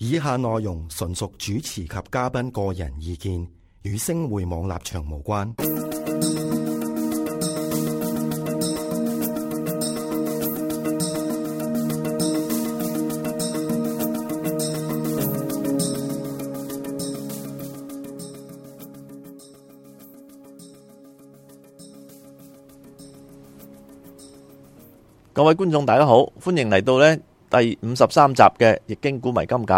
以下內容純屬主持及嘉賓個人意見，與星匯網立場無關。各位觀眾，大家好，歡迎嚟到呢，第五十三集嘅《易經古謎今解》，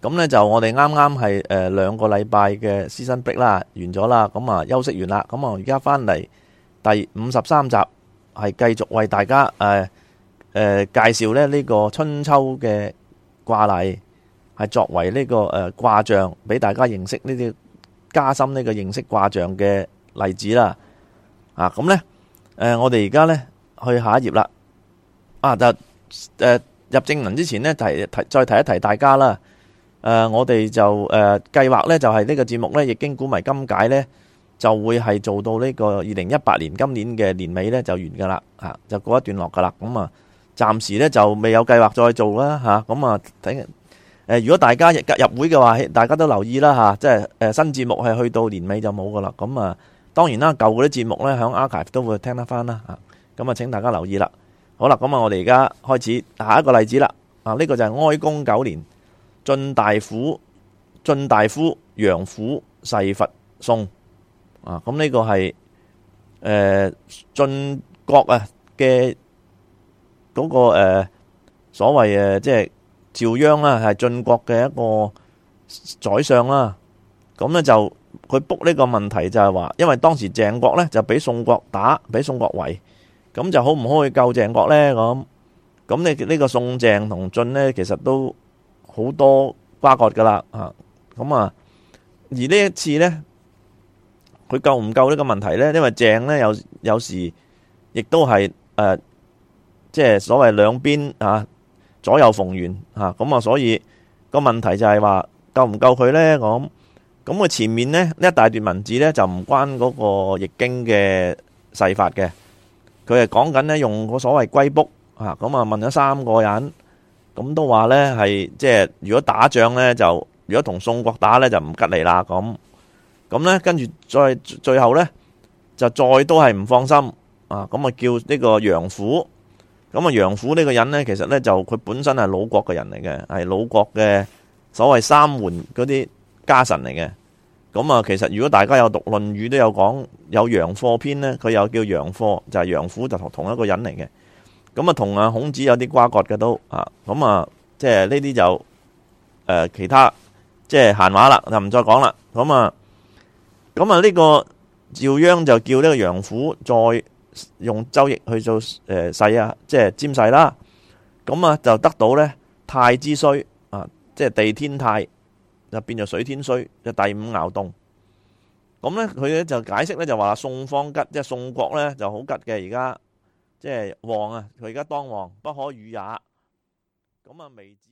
咁咧就我哋啱啱係誒兩個禮拜嘅 season break 啦，完咗啦，咁啊休息完啦，咁啊而家翻嚟第五十三集係繼續為大家誒誒介紹咧呢個春秋嘅卦例，係作為呢個誒卦象俾大家認識呢啲加深呢個認識卦象嘅例子啦。啊，咁咧誒我哋而家咧去下一頁啦，啊就誒。入正文之前呢，提提再提一提大家啦。誒、呃，我哋就誒計劃呢，呃、就係呢個節目呢，易經古謎今解呢，就會係做到呢個二零一八年今年嘅年尾呢，就完噶啦，嚇就過一段落噶啦。咁、嗯、啊，暫時呢，就未有計劃再做啦，嚇。咁啊，睇如果大家入入會嘅話，大家都留意啦，吓、啊，即係誒新節目係去到年尾就冇噶啦。咁、嗯、啊，當然啦，舊嗰啲節目呢，喺 Archive 都會聽得翻啦，嚇、啊。咁、嗯、啊，請大家留意啦。好啦，咁啊，我哋而家開始下一個例子啦。啊，呢個就係哀公九年，晉大夫、晉大夫陽虎筮伐宋。啊，咁呢、呃，那個係誒晉國啊嘅嗰個所謂誒，即係趙鞅啦，係晉國嘅一個宰相啦。咁、啊、咧就佢卜呢個問題就係話，因為當時鄭國咧就俾宋國打，俾宋國圍。咁就好唔好去救鄭國咧？咁咁你呢個宋鄭同晉呢，其實都好多瓜葛噶啦，吓咁啊，而呢一次呢，佢救唔救呢個問題呢？因為鄭呢，有有時亦都係誒，即、呃、係、就是、所謂兩邊啊，左右逢源啊，咁啊，所以個問題就係話救唔救佢咧？咁咁佢前面咧呢一大段文字呢，就唔關嗰、那個易經嘅筮法嘅。佢係講緊咧，用個所謂龜卜嚇，咁啊問咗三個人，咁都話咧係，即係如果打仗咧就，如果同宋國打咧就唔吉利啦咁。咁咧跟住再最後咧就再都係唔放心啊，咁啊叫呢個陽虎。咁、嗯、啊陽虎呢個人咧，其實咧就佢本身係魯國嘅人嚟嘅，係魯國嘅所謂三門嗰啲家臣嚟嘅。咁啊，其實如果大家有讀《論語》，都有講有陽貨篇咧，佢有叫陽貨，就係陽虎，就同同一個人嚟嘅。咁啊，同啊孔子有啲瓜葛嘅都啊。咁啊，即係呢啲就誒其他即係閒話啦，就唔再講啦。咁啊，咁啊呢個趙鞅就叫呢個陽虎再用周易去做誒筮啊，即係占筮啦。咁啊就得到咧泰之衰啊，即係地天泰。就變咗水天需，就第五爻動。咁咧佢咧就解釋咧就話宋方吉，即係宋國咧就好吉嘅。而家即係旺啊，佢而家當旺，不可與也。咁啊，微子。